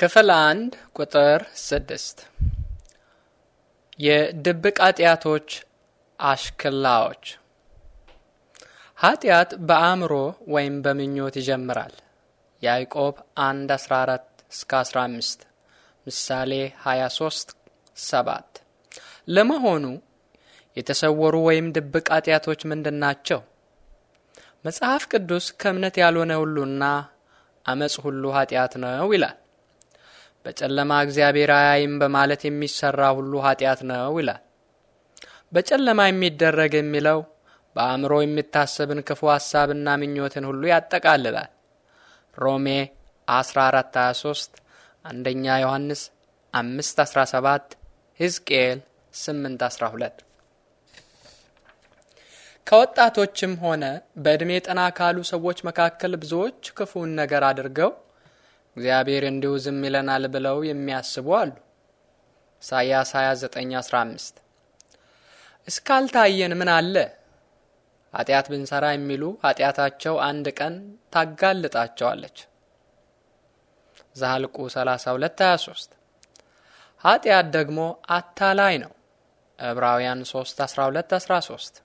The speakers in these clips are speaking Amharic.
ክፍል አንድ ቁጥር ስድስት የድብቅ ኃጢአቶች አሽክላዎች ኃጢአት በአእምሮ ወይም በምኞት ይጀምራል። ያዕቆብ 1 14 እስከ 15 ምሳሌ 23 7 ለመሆኑ የተሰወሩ ወይም ድብቅ ኃጢአቶች ምንድን ናቸው? መጽሐፍ ቅዱስ ከእምነት ያልሆነ ሁሉና አመፅ ሁሉ ኃጢአት ነው ይላል። በጨለማ እግዚአብሔር አያይም በማለት የሚሰራ ሁሉ ኃጢአት ነው ይላል። በጨለማ የሚደረግ የሚለው በአእምሮ የሚታሰብን ክፉ ሐሳብና ምኞትን ሁሉ ያጠቃልላል። ሮሜ 1423 አንደኛ ዮሐንስ 517 ሕዝቅኤል 812 ከወጣቶችም ሆነ በዕድሜ ጠና ካሉ ሰዎች መካከል ብዙዎች ክፉን ነገር አድርገው እግዚአብሔር እንዲሁ ዝም ይለናል ብለው የሚያስቡ አሉ። ኢሳይያስ 29:15 እስካልታየን ምን አለ ኃጢአት ብንሰራ የሚሉ ኃጢአታቸው አንድ ቀን ታጋልጣቸዋለች። ዘኍልቍ 32:23 ኃጢአት ደግሞ አታላይ ነው። ዕብራውያን 12 13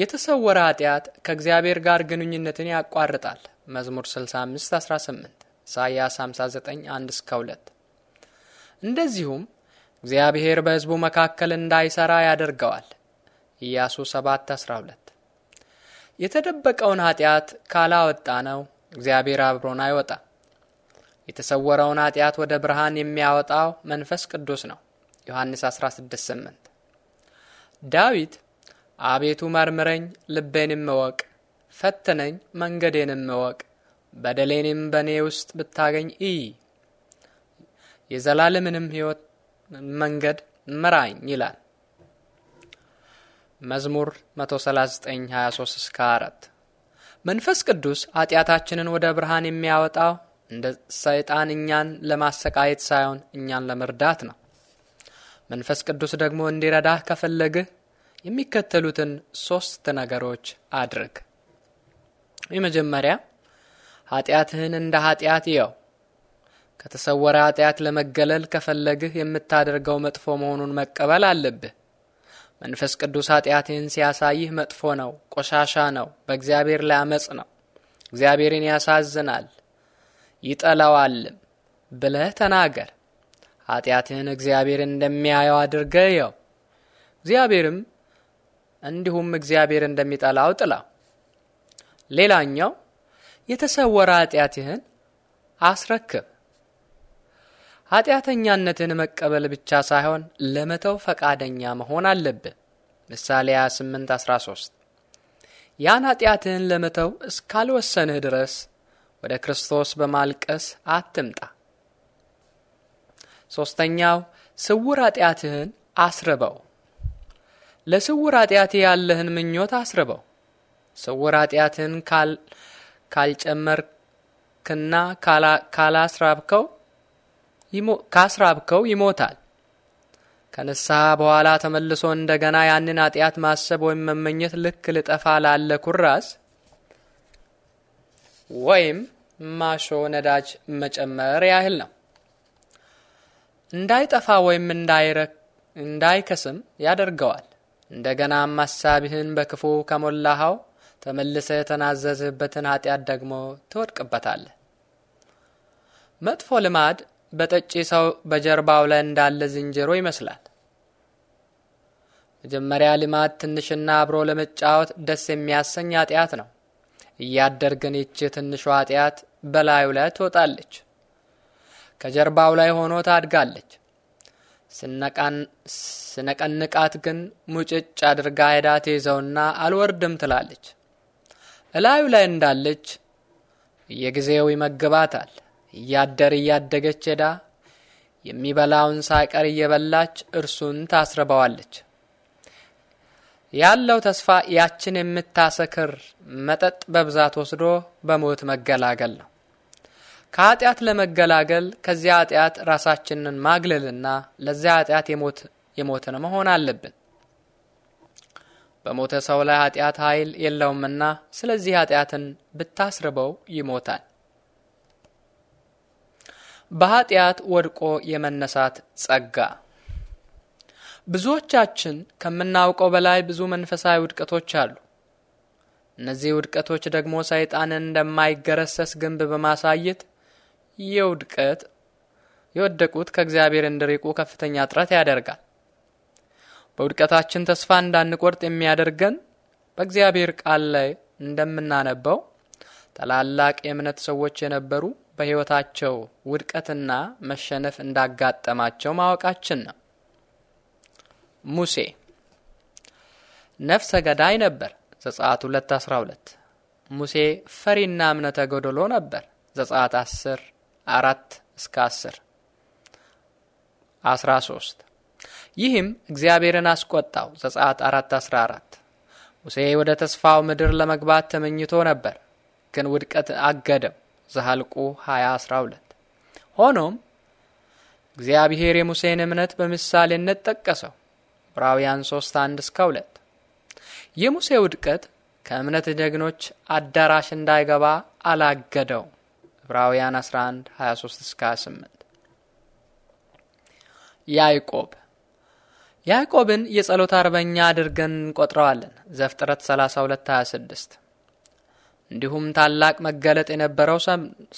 የተሰወረ ኃጢአት ከእግዚአብሔር ጋር ግንኙነትን ያቋርጣል። መዝሙር 65:18 ኢሳይያስ 59 1 እስከ 2። እንደዚሁም እግዚአብሔር በሕዝቡ መካከል እንዳይሠራ ያደርገዋል። ኢያሱ 7 12። የተደበቀውን ኃጢአት ካላወጣ ነው እግዚአብሔር አብሮን አይወጣ። የተሰወረውን ኃጢአት ወደ ብርሃን የሚያወጣው መንፈስ ቅዱስ ነው። ዮሐንስ 16 8 ዳዊት አቤቱ መርምረኝ፣ ልቤንም እወቅ፣ ፈትነኝ፣ መንገዴንም እወቅ በደሌንም በእኔ ውስጥ ብታገኝ እይ፣ የዘላለምንም ሕይወት መንገድ ምራኝ ይላል። መዝሙር 13923 መንፈስ ቅዱስ ኃጢአታችንን ወደ ብርሃን የሚያወጣው እንደ ሰይጣን እኛን ለማሰቃየት ሳይሆን እኛን ለመርዳት ነው። መንፈስ ቅዱስ ደግሞ እንዲረዳህ ከፈለግህ የሚከተሉትን ሶስት ነገሮች አድርግ። የመጀመሪያ ኃጢአትህን እንደ ኃጢአት እየው። ከተሰወረ ኃጢአት ለመገለል ከፈለግህ የምታደርገው መጥፎ መሆኑን መቀበል አለብህ። መንፈስ ቅዱስ ኃጢአትህን ሲያሳይህ መጥፎ ነው፣ ቆሻሻ ነው፣ በእግዚአብሔር ላይ አመጽ ነው፣ እግዚአብሔርን ያሳዝናል ይጠላዋልም ብለህ ተናገር። ኃጢአትህን እግዚአብሔር እንደሚያየው አድርገህ እየው። እግዚአብሔርም እንዲሁም እግዚአብሔር እንደሚጠላው ጥላው። ሌላኛው የተሰወረ ኃጢአትህን አስረክብ። ኃጢአተኛነትን መቀበል ብቻ ሳይሆን ለመተው ፈቃደኛ መሆን አለብህ። ምሳሌ 28 13 ያን ኃጢአትህን ለመተው እስካልወሰንህ ድረስ ወደ ክርስቶስ በማልቀስ አትምጣ። ሦስተኛው ስውር ኃጢአትህን አስርበው። ለስውር ኃጢአትህ ያለህን ምኞት አስርበው። ስውር ኃጢአትህን ካል ካልጨመርክና ካላስራብከው ካስራብከው ይሞታል። ከንስሐ በኋላ ተመልሶ እንደገና ያንን ኃጢአት ማሰብ ወይም መመኘት ልክ ልጠፋ ላለ ኩራዝ ወይም ማሾ ነዳጅ መጨመር ያህል ነው። እንዳይጠፋ ወይም እንዳይከስም ያደርገዋል። እንደገናም ሀሳብህን በክፉ ከሞላኸው ተመልሰ የተናዘዝህበትን ኃጢአት ደግሞ ትወድቅበታለህ። መጥፎ ልማድ በጠጪ ሰው በጀርባው ላይ እንዳለ ዝንጀሮ ይመስላል። መጀመሪያ ልማድ ትንሽና አብሮ ለመጫወት ደስ የሚያሰኝ ኃጢአት ነው። እያደርግን ይቺ ትንሿ ኃጢአት በላዩ ላይ ትወጣለች፣ ከጀርባው ላይ ሆኖ ታድጋለች። ስነቀንቃት ግን ሙጭጭ አድርጋ ሄዳ ትይዘውና አልወርድም ትላለች። እላዩ ላይ እንዳለች በየጊዜው ይመግባታል። እያደር እያደገች ሄዳ የሚበላውን ሳይቀር እየበላች እርሱን ታስርበዋለች። ያለው ተስፋ ያችን የምታሰክር መጠጥ በብዛት ወስዶ በሞት መገላገል ነው። ከኃጢአት ለመገላገል ከዚያ ኃጢአት ራሳችንን ማግለልና ለዚያ ኃጢአት የሞትን መሆን አለብን። በሞተ ሰው ላይ ኃጢአት ኃይል የለውምና፣ ስለዚህ ኃጢአትን ብታስርበው ይሞታል። በኃጢአት ወድቆ የመነሳት ጸጋ። ብዙዎቻችን ከምናውቀው በላይ ብዙ መንፈሳዊ ውድቀቶች አሉ። እነዚህ ውድቀቶች ደግሞ ሰይጣንን እንደማይገረሰስ ግንብ በማሳየት የውድቀት የወደቁት ከእግዚአብሔር እንዲርቁ ከፍተኛ ጥረት ያደርጋል። በውድቀታችን ተስፋ እንዳንቆርጥ የሚያደርገን በእግዚአብሔር ቃል ላይ እንደምናነበው ታላላቅ የእምነት ሰዎች የነበሩ በሕይወታቸው ውድቀትና መሸነፍ እንዳጋጠማቸው ማወቃችን ነው። ሙሴ ነፍሰ ገዳይ ነበር። ዘጸአት 2 12 ሙሴ ፈሪና እምነተ ጎደሎ ነበር። ዘጸአት 10 አራት እስከ 10 13 ይህም እግዚአብሔርን አስቆጣው። ዘጸአት 4:14 ሙሴ ወደ ተስፋው ምድር ለመግባት ተመኝቶ ነበር፣ ግን ውድቀት አገደው። ዘኍልቍ 20:12 ሆኖም እግዚአብሔር የሙሴን እምነት በምሳሌነት ጠቀሰው። ዕብራውያን 1 እስከ 2 የሙሴ ውድቀት ከእምነት ጀግኖች አዳራሽ እንዳይገባ አላገደው። ዕብራውያን 11 23 እስከ 28 ያዕቆብ ያዕቆብን የጸሎት አርበኛ አድርገን እንቆጥረዋለን። ዘፍጥረት 32 26 እንዲሁም ታላቅ መገለጥ የነበረው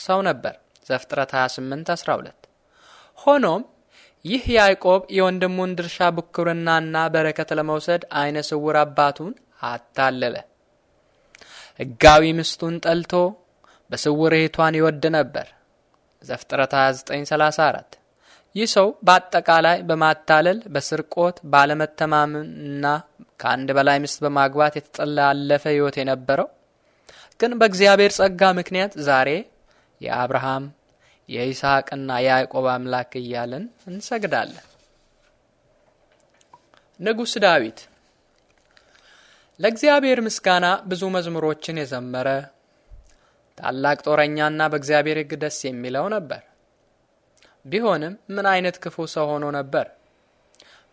ሰው ነበር። ዘፍጥረት 28 12 ሆኖም ይህ ያዕቆብ የወንድሙን ድርሻ ብኩርናና በረከት ለመውሰድ አይነ ስውር አባቱን አታለለ። ሕጋዊ ምስቱን ጠልቶ በስውር እህቷን ይወድ ነበር። ዘፍጥረት 29 34 ይህ ሰው በአጠቃላይ በማታለል በስርቆት፣ ባለመተማመንና ከአንድ በላይ ሚስት በማግባት የተጠላለፈ ሕይወት የነበረው ግን በእግዚአብሔር ጸጋ ምክንያት ዛሬ የአብርሃም የይስሐቅና የያዕቆብ አምላክ እያልን እንሰግዳለን። ንጉሥ ዳዊት ለእግዚአብሔር ምስጋና ብዙ መዝሙሮችን የዘመረ ታላቅ ጦረኛና በእግዚአብሔር ሕግ ደስ የሚለው ነበር። ቢሆንም ምን አይነት ክፉ ሰው ሆኖ ነበር!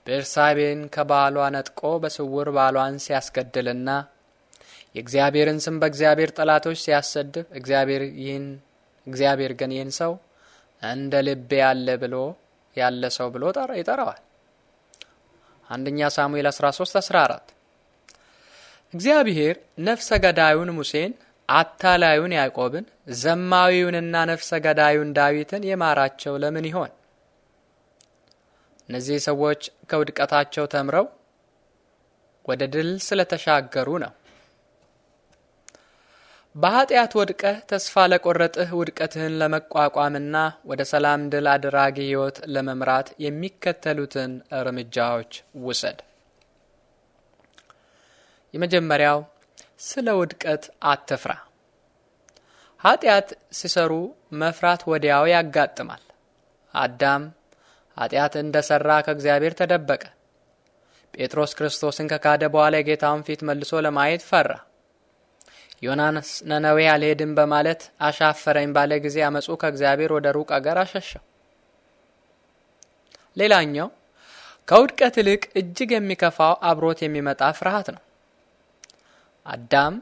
ቤርሳቤን ከባሏ ነጥቆ በስውር ባሏን ሲያስገድልና የእግዚአብሔርን ስም በእግዚአብሔር ጠላቶች ሲያሰድብ እግዚአብሔር ግን ይህን ሰው እንደ ልቤ ያለ ብሎ ያለ ሰው ብሎ ይጠራዋል። አንደኛ ሳሙኤል 13 14 እግዚአብሔር ነፍሰ ገዳዩን ሙሴን አታላዩን ያዕቆብን ዘማዊውንና ነፍሰ ገዳዩን ዳዊትን የማራቸው ለምን ይሆን? እነዚህ ሰዎች ከውድቀታቸው ተምረው ወደ ድል ስለተሻገሩ ነው። በኃጢአት ወድቀህ ተስፋ ለቆረጥህ ውድቀትህን ለመቋቋምና ወደ ሰላም ድል አድራጊ ሕይወት ለመምራት የሚከተሉትን እርምጃዎች ውሰድ። የመጀመሪያው ስለ ውድቀት አትፍራ። ኃጢአት ሲሰሩ መፍራት ወዲያው ያጋጥማል። አዳም ኃጢአት እንደ ሠራ ከእግዚአብሔር ተደበቀ። ጴጥሮስ ክርስቶስን ከካደ በኋላ የጌታውን ፊት መልሶ ለማየት ፈራ። ዮናስ ነነዌ አልሄድም በማለት አሻፈረኝ ባለ ጊዜ አመፁ ከእግዚአብሔር ወደ ሩቅ አገር አሸሸው። ሌላኛው ከውድቀት ይልቅ እጅግ የሚከፋው አብሮት የሚመጣ ፍርሃት ነው። አዳም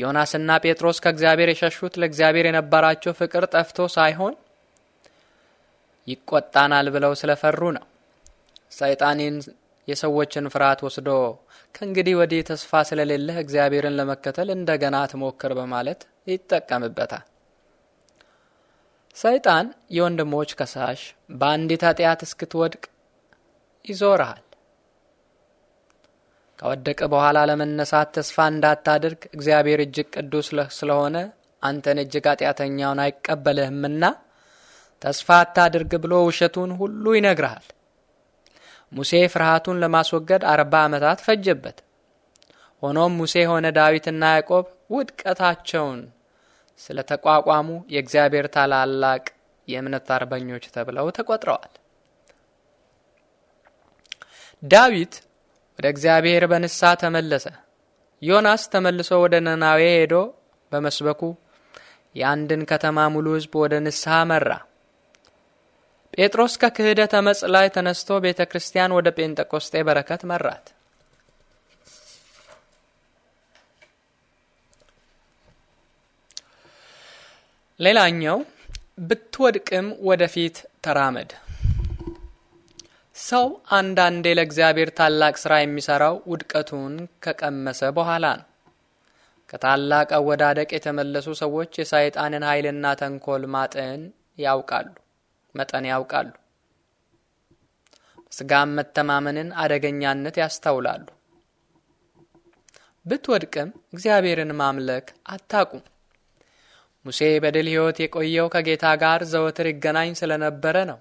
ዮናስና ጴጥሮስ ከእግዚአብሔር የሸሹት ለእግዚአብሔር የነበራቸው ፍቅር ጠፍቶ ሳይሆን ይቆጣናል ብለው ስለፈሩ ነው። ሰይጣኔን የሰዎችን ፍርሃት ወስዶ ከእንግዲህ ወዲህ ተስፋ ስለሌለህ እግዚአብሔርን ለመከተል እንደገና ትሞክር በማለት ይጠቀምበታል። ሰይጣን የወንድሞች ከሳሽ በአንዲት ኃጢአት እስክትወድቅ ይዞርሃል። ከወደቀ በኋላ ለመነሳት ተስፋ እንዳታደርግ እግዚአብሔር እጅግ ቅዱስ ስለሆነ አንተን እጅግ ኃጢአተኛውን አይቀበልህምና ተስፋ አታድርግ ብሎ ውሸቱን ሁሉ ይነግርሃል። ሙሴ ፍርሃቱን ለማስወገድ አርባ ዓመታት ፈጀበት። ሆኖም ሙሴ ሆነ ዳዊትና ያዕቆብ ውድቀታቸውን ስለ ተቋቋሙ የእግዚአብሔር ታላላቅ የእምነት አርበኞች ተብለው ተቆጥረዋል። ዳዊት ወደ እግዚአብሔር በንስሐ ተመለሰ። ዮናስ ተመልሶ ወደ ነናዌ ሄዶ በመስበኩ የአንድን ከተማ ሙሉ ሕዝብ ወደ ንስሐ መራ። ጴጥሮስ ከክህደተ መጽ ላይ ተነስቶ ቤተ ክርስቲያን ወደ ጴንጠቆስጤ በረከት መራት። ሌላኛው ብትወድቅም ወደፊት ተራመድ። ሰው አንዳንዴ ለእግዚአብሔር ታላቅ ሥራ የሚሠራው ውድቀቱን ከቀመሰ በኋላ ነው። ከታላቅ አወዳደቅ የተመለሱ ሰዎች የሰይጣንን ኃይልና ተንኮል ማጠን ያውቃሉ መጠን ያውቃሉ። ስጋም መተማመንን አደገኛነት ያስተውላሉ። ብትወድቅም እግዚአብሔርን ማምለክ አታቁም። ሙሴ በድል ሕይወት የቆየው ከጌታ ጋር ዘወትር ይገናኝ ስለነበረ ነው።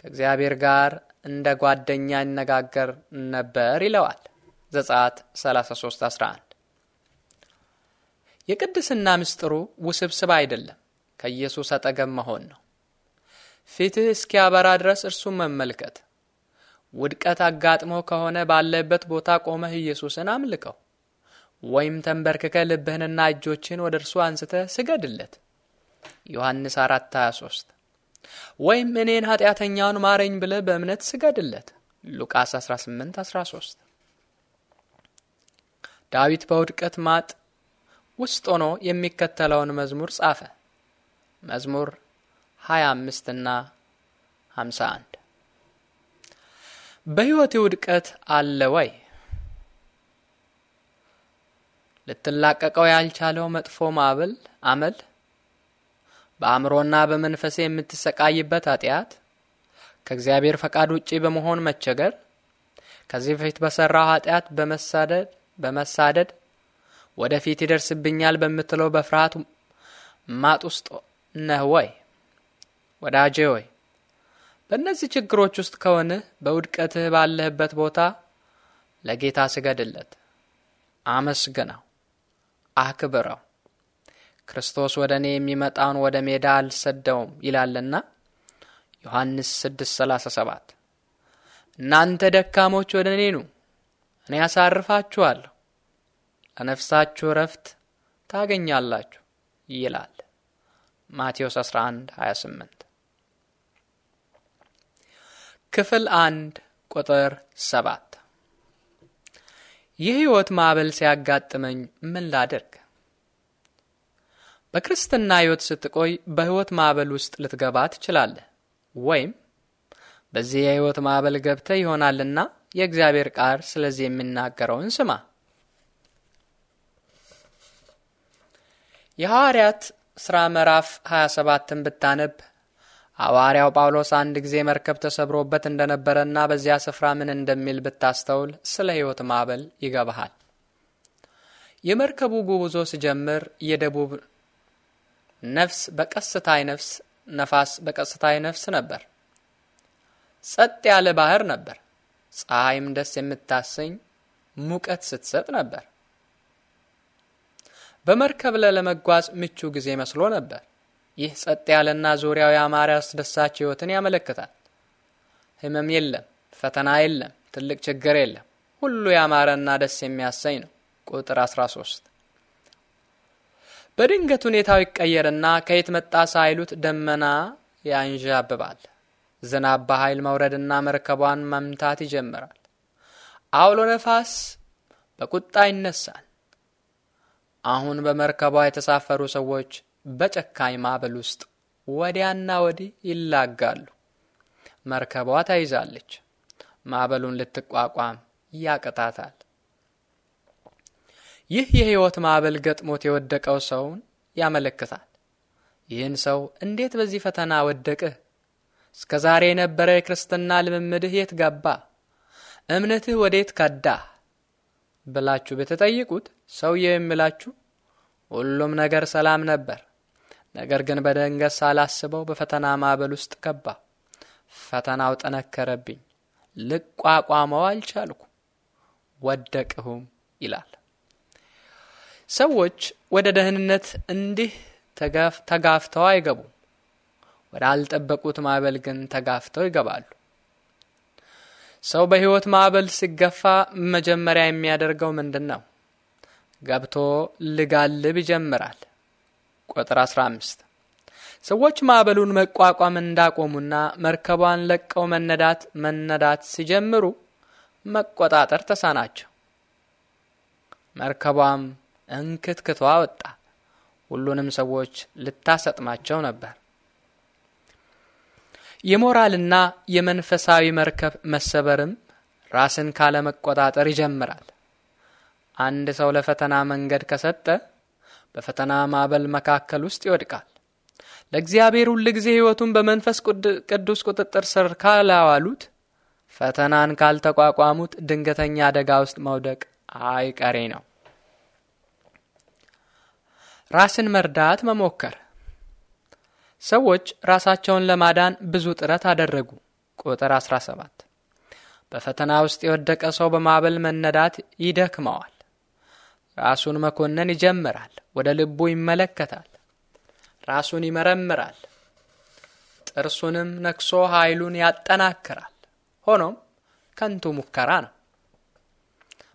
ከእግዚአብሔር ጋር እንደ ጓደኛ ይነጋገር ነበር ይለዋል። ዘጸአት 33፥11 የቅድስና ምስጢሩ ውስብስብ አይደለም፣ ከኢየሱስ አጠገብ መሆን ነው። ፊትህ እስኪያበራ ድረስ እርሱን መመልከት። ውድቀት አጋጥሞ ከሆነ ባለበት ቦታ ቆመህ ኢየሱስን አምልከው፣ ወይም ተንበርክከ ልብህንና እጆችን ወደ እርሱ አንስተህ ስገድለት። ዮሐንስ 4 23 ወይም እኔን ኃጢአተኛውን ማረኝ ብለህ በእምነት ስገድለት። ሉቃስ 18 13 ዳዊት በውድቀት ማጥ ውስጥ ሆኖ የሚከተለውን መዝሙር ጻፈ። መዝሙር 25 እና 51 በሕይወቴ ውድቀት አለ ወይ? ልትላቀቀው ያልቻለው መጥፎ ማዕበል አመል በአእምሮና በመንፈሴ የምትሰቃይበት ኃጢአት፣ ከእግዚአብሔር ፈቃድ ውጪ በመሆን መቸገር፣ ከዚህ በፊት በሠራው ኃጢአት በመሳደድ በመሳደድ ወደፊት ይደርስብኛል በምትለው በፍርሃት ማጥ ውስጥ ነህ ወይ? ወዳጄ ወይ በእነዚህ ችግሮች ውስጥ ከሆንህ በውድቀትህ ባለህበት ቦታ ለጌታ ስገድለት፣ አመስግነው፣ አክብረው። ክርስቶስ ወደ እኔ የሚመጣውን ወደ ሜዳ አልሰደውም ይላልና ዮሐንስ 6:37 እናንተ ደካሞች ወደ እኔ ኑ፣ እኔ ያሳርፋችኋለሁ፣ ለነፍሳችሁ ረፍት ታገኛላችሁ ይላል ማቴዎስ 11:28 ክፍል 1 ቁጥር 7 የሕይወት ማዕበል ሲያጋጥመኝ ምን ላደርግ? በክርስትና ሕይወት ስትቆይ በሕይወት ማዕበል ውስጥ ልትገባ ትችላለህ ወይም በዚህ የሕይወት ማዕበል ገብተህ ይሆናልና የእግዚአብሔር ቃል ስለዚህ የሚናገረውን ስማ። የሐዋርያት ሥራ ምዕራፍ 27ን ብታነብ ሐዋርያው ጳውሎስ አንድ ጊዜ መርከብ ተሰብሮበት እንደነበረና በዚያ ስፍራ ምን እንደሚል ብታስተውል ስለ ሕይወት ማዕበል ይገባሃል። የመርከቡ ጉብዞ ሲጀምር የደቡብ ነፍስ በቀስታይ ነፍስ ነፋስ በቀስታይ ነፍስ ነበር። ጸጥ ያለ ባህር ነበር። ፀሐይም ደስ የምታሰኝ ሙቀት ስትሰጥ ነበር። በመርከብ ላይ ለመጓዝ ምቹ ጊዜ መስሎ ነበር። ይህ ጸጥ ያለና ዙሪያው ያማረ አስደሳች ሕይወትን ያመለክታል። ህመም የለም፣ ፈተና የለም፣ ትልቅ ችግር የለም። ሁሉ ያማረና ደስ የሚያሰኝ ነው። ቁጥር 13 በድንገት ሁኔታው ይቀየርና ከየት መጣ ሳይሉት ደመና ያንዣብባል። ዝናብ በኃይል መውረድና መርከቧን መምታት ይጀምራል። አውሎ ነፋስ በቁጣ ይነሳል። አሁን በመርከቧ የተሳፈሩ ሰዎች በጨካኝ ማዕበል ውስጥ ወዲያና ወዲህ ይላጋሉ። መርከቧ ተይዛለች። ማዕበሉን ልትቋቋም ያቅታታል። ይህ የሕይወት ማዕበል ገጥሞት የወደቀው ሰውን ያመለክታል። ይህን ሰው እንዴት በዚህ ፈተና ወደቅህ? እስከ ዛሬ የነበረ የክርስትና ልምምድህ የት ገባ? እምነትህ ወዴት ከዳ? ብላችሁ ብትጠይቁት ሰውየው የሚላችሁ ሁሉም ነገር ሰላም ነበር፣ ነገር ግን በደንገስ ሳላስበው በፈተና ማዕበል ውስጥ ገባ። ፈተናው ጠነከረብኝ፣ ልቋቋመው አልቻልኩ፣ ወደቅሁም ይላል። ሰዎች ወደ ደህንነት እንዲህ ተጋፍተው አይገቡም። ወደ አልጠበቁት ማዕበል ግን ተጋፍተው ይገባሉ። ሰው በሕይወት ማዕበል ሲገፋ መጀመሪያ የሚያደርገው ምንድን ነው? ገብቶ ልጋልብ ይጀምራል። ቁጥር 15 ሰዎች ማዕበሉን መቋቋም እንዳቆሙና መርከቧን ለቀው መነዳት መነዳት ሲጀምሩ መቆጣጠር ተሳናቸው። መርከቧም እንክትክቷ ወጣ። ሁሉንም ሰዎች ልታሰጥማቸው ነበር። የሞራልና የመንፈሳዊ መርከብ መሰበርም ራስን ካለመቆጣጠር ይጀምራል። አንድ ሰው ለፈተና መንገድ ከሰጠ በፈተና ማዕበል መካከል ውስጥ ይወድቃል። ለእግዚአብሔር ሁል ጊዜ ሕይወቱን በመንፈስ ቅዱስ ቁጥጥር ስር ካላዋሉት፣ ፈተናን ካልተቋቋሙት ድንገተኛ አደጋ ውስጥ መውደቅ አይቀሬ ነው። ራስን መርዳት መሞከር። ሰዎች ራሳቸውን ለማዳን ብዙ ጥረት አደረጉ። ቁጥር 17 በፈተና ውስጥ የወደቀ ሰው በማዕበል መነዳት ይደክመዋል። ራሱን መኮነን ይጀምራል። ወደ ልቡ ይመለከታል። ራሱን ይመረምራል። ጥርሱንም ነክሶ ኃይሉን ያጠናክራል። ሆኖም ከንቱ ሙከራ ነው።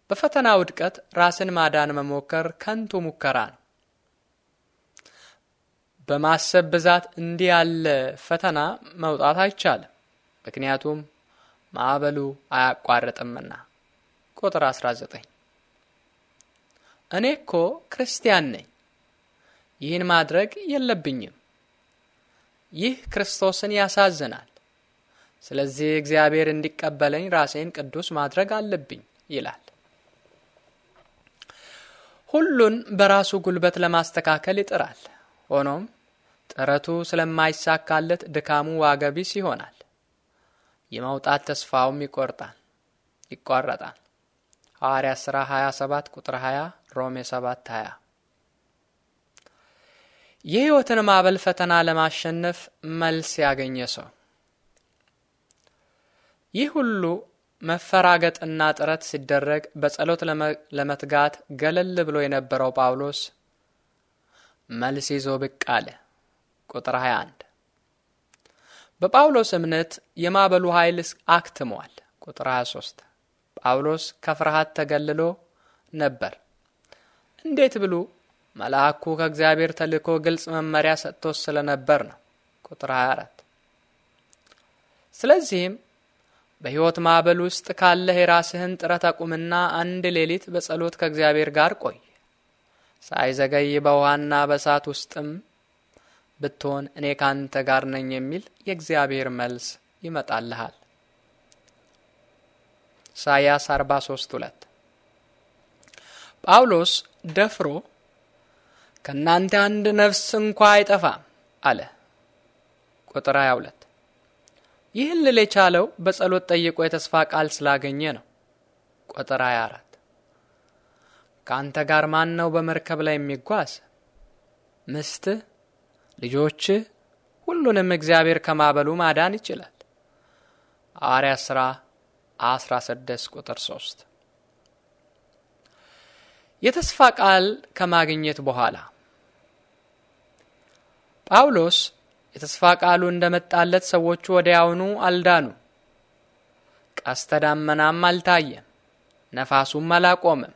በፈተና ውድቀት ራስን ማዳን መሞከር ከንቱ ሙከራ ነው። በማሰብ ብዛት እንዲህ ያለ ፈተና መውጣት አይቻልም፣ ምክንያቱም ማዕበሉ አያቋርጥምና። ቁጥር 19 እኔ እኮ ክርስቲያን ነኝ፣ ይህን ማድረግ የለብኝም። ይህ ክርስቶስን ያሳዝናል። ስለዚህ እግዚአብሔር እንዲቀበለኝ ራሴን ቅዱስ ማድረግ አለብኝ ይላል። ሁሉን በራሱ ጉልበት ለማስተካከል ይጥራል። ሆኖም ጥረቱ ስለማይሳካለት ድካሙ ዋገቢስ ይሆናል። የመውጣት ተስፋውም ይቆርጣል ይቋረጣል። ሐዋርያ ሥራ 27 ቁጥር 20፣ ሮሜ 7 20። የሕይወትን ማዕበል ፈተና ለማሸነፍ መልስ ያገኘ ሰው ይህ ሁሉ መፈራገጥና ጥረት ሲደረግ በጸሎት ለመትጋት ገለል ብሎ የነበረው ጳውሎስ መልስ ይዞ ብቅ አለ። ቁጥር 21 በጳውሎስ እምነት የማዕበሉ ኃይል አክትሟል። ቁጥር 23 ጳውሎስ ከፍርሃት ተገልሎ ነበር። እንዴት ብሉ መልአኩ ከእግዚአብሔር ተልኮ ግልጽ መመሪያ ሰጥቶ ስለነበር ነው። ቁጥር 24 ስለዚህም በሕይወት ማዕበል ውስጥ ካለህ የራስህን ጥረት አቁምና አንድ ሌሊት በጸሎት ከእግዚአብሔር ጋር ቆይ። ሳይዘገይ በውሃና በእሳት ውስጥም ብትሆን እኔ ካንተ ጋር ነኝ የሚል የእግዚአብሔር መልስ ይመጣልሃል። ኢሳይያስ 43 2 ጳውሎስ ደፍሮ ከእናንተ አንድ ነፍስ እንኳ አይጠፋም አለ። ቁጥር 22 ይህን ልል የቻለው በጸሎት ጠይቆ የተስፋ ቃል ስላገኘ ነው። ቁጥር 24 ከአንተ ጋር ማን ነው በመርከብ ላይ የሚጓዝ? ምስትህ ልጆች ሁሉንም እግዚአብሔር ከማበሉ ማዳን ይችላል። ሐዋርያ ሥራ 16 ቁጥር 3 የተስፋ ቃል ከማግኘት በኋላ ጳውሎስ የተስፋ ቃሉ እንደመጣለት ሰዎቹ ወዲያውኑ አልዳኑ። ቀስተ ደመናም አልታየም፣ ነፋሱም አላቆመም።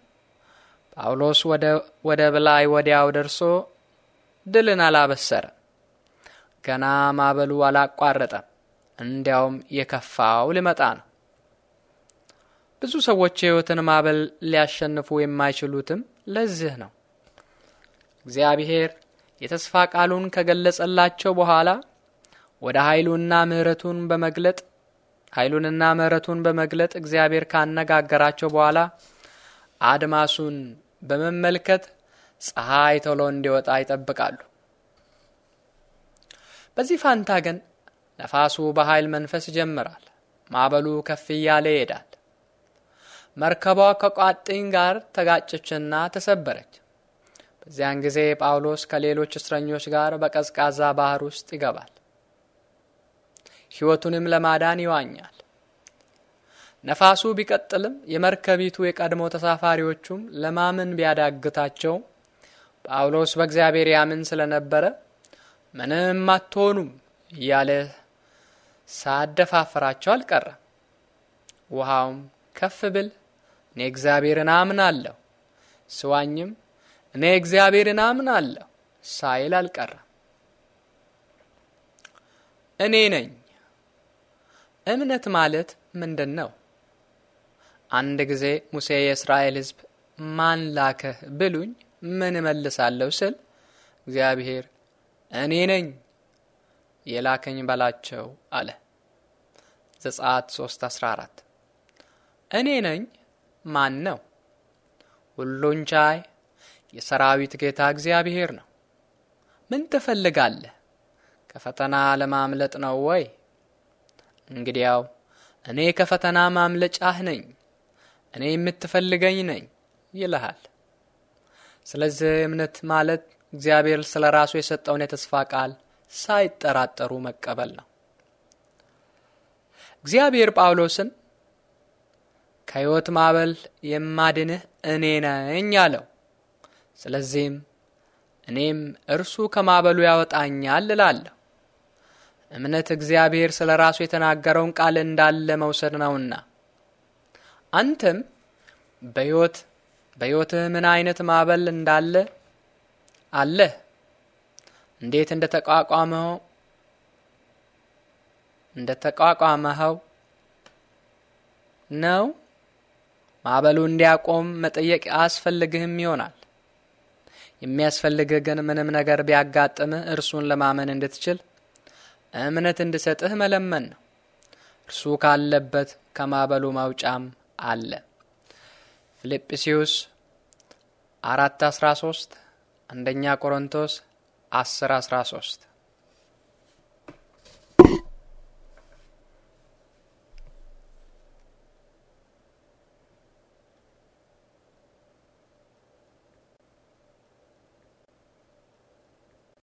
ጳውሎስ ወደ ላይ ወዲያው ደርሶ ድልን አላበሰረ። ገና ማዕበሉ አላቋረጠም። እንዲያውም የከፋው ሊመጣ ነው። ብዙ ሰዎች የሕይወትን ማዕበል ሊያሸንፉ የማይችሉትም ለዚህ ነው። እግዚአብሔር የተስፋ ቃሉን ከገለጸላቸው በኋላ ወደ ኃይሉና ምሕረቱን በመግለጥ ኃይሉንና ምሕረቱን በመግለጥ እግዚአብሔር ካነጋገራቸው በኋላ አድማሱን በመመልከት ፀሐይ ቶሎ እንዲወጣ ይጠብቃሉ። በዚህ ፋንታ ግን ነፋሱ በኃይል መንፈስ ይጀምራል። ማዕበሉ ከፍ እያለ ይሄዳል። መርከቧ ከቋጥኝ ጋር ተጋጨችና ተሰበረች። በዚያን ጊዜ ጳውሎስ ከሌሎች እስረኞች ጋር በቀዝቃዛ ባህር ውስጥ ይገባል። ሕይወቱንም ለማዳን ይዋኛል። ነፋሱ ቢቀጥልም የመርከቢቱ የቀድሞ ተሳፋሪዎቹም ለማመን ቢያዳግታቸው ጳውሎስ በእግዚአብሔር ያምን ስለነበረ ምንም አትሆኑም እያለ ሳደፋፍራቸው አልቀረም። ውሃውም ከፍ ብል እኔ እግዚአብሔርን አምናለሁ ስዋኝም እኔ እግዚአብሔርን አምናለሁ ሳይል አልቀረ። እኔ ነኝ። እምነት ማለት ምንድን ነው? አንድ ጊዜ ሙሴ የእስራኤል ሕዝብ ማን ላከህ ብሉኝ ምን እመልሳለሁ ስል እግዚአብሔር እኔ ነኝ የላከኝ በላቸው አለ። ዘጸአት 3:14 እኔ ነኝ ማን ነው? ሁሉን ቻይ የሰራዊት ጌታ እግዚአብሔር ነው። ምን ትፈልጋለህ? ከፈተና ለማምለጥ ነው ወይ? እንግዲያው እኔ ከፈተና ማምለጫህ ነኝ፣ እኔ የምትፈልገኝ ነኝ ይልሃል። ስለዚህ እምነት ማለት እግዚአብሔር ስለ ራሱ የሰጠውን የተስፋ ቃል ሳይጠራጠሩ መቀበል ነው። እግዚአብሔር ጳውሎስን ከሕይወት ማዕበል የማድንህ እኔ ነኝ አለው። ስለዚህም እኔም እርሱ ከማዕበሉ ያወጣኛል እላለሁ። እምነት እግዚአብሔር ስለ ራሱ የተናገረውን ቃል እንዳለ መውሰድ ነውና አንተም በሕይወት በሕይወትህ ምን አይነት ማዕበል እንዳለ አለህ እንዴት እንደ ተቋቋመው እንደ ተቋቋመኸው ነው። ማዕበሉ እንዲያቆም መጠየቅ አያስፈልግህም ይሆናል። የሚያስፈልግህ ግን ምንም ነገር ቢያጋጥምህ እርሱን ለማመን እንድትችል እምነት እንድሰጥህ መለመን ነው። እርሱ ካለበት ከማዕበሉ መውጫም አለ። ፊልጵስዩስ አራት አስራ ሶስት አንደኛ ቆሮንቶስ አስር አስራ ሶስት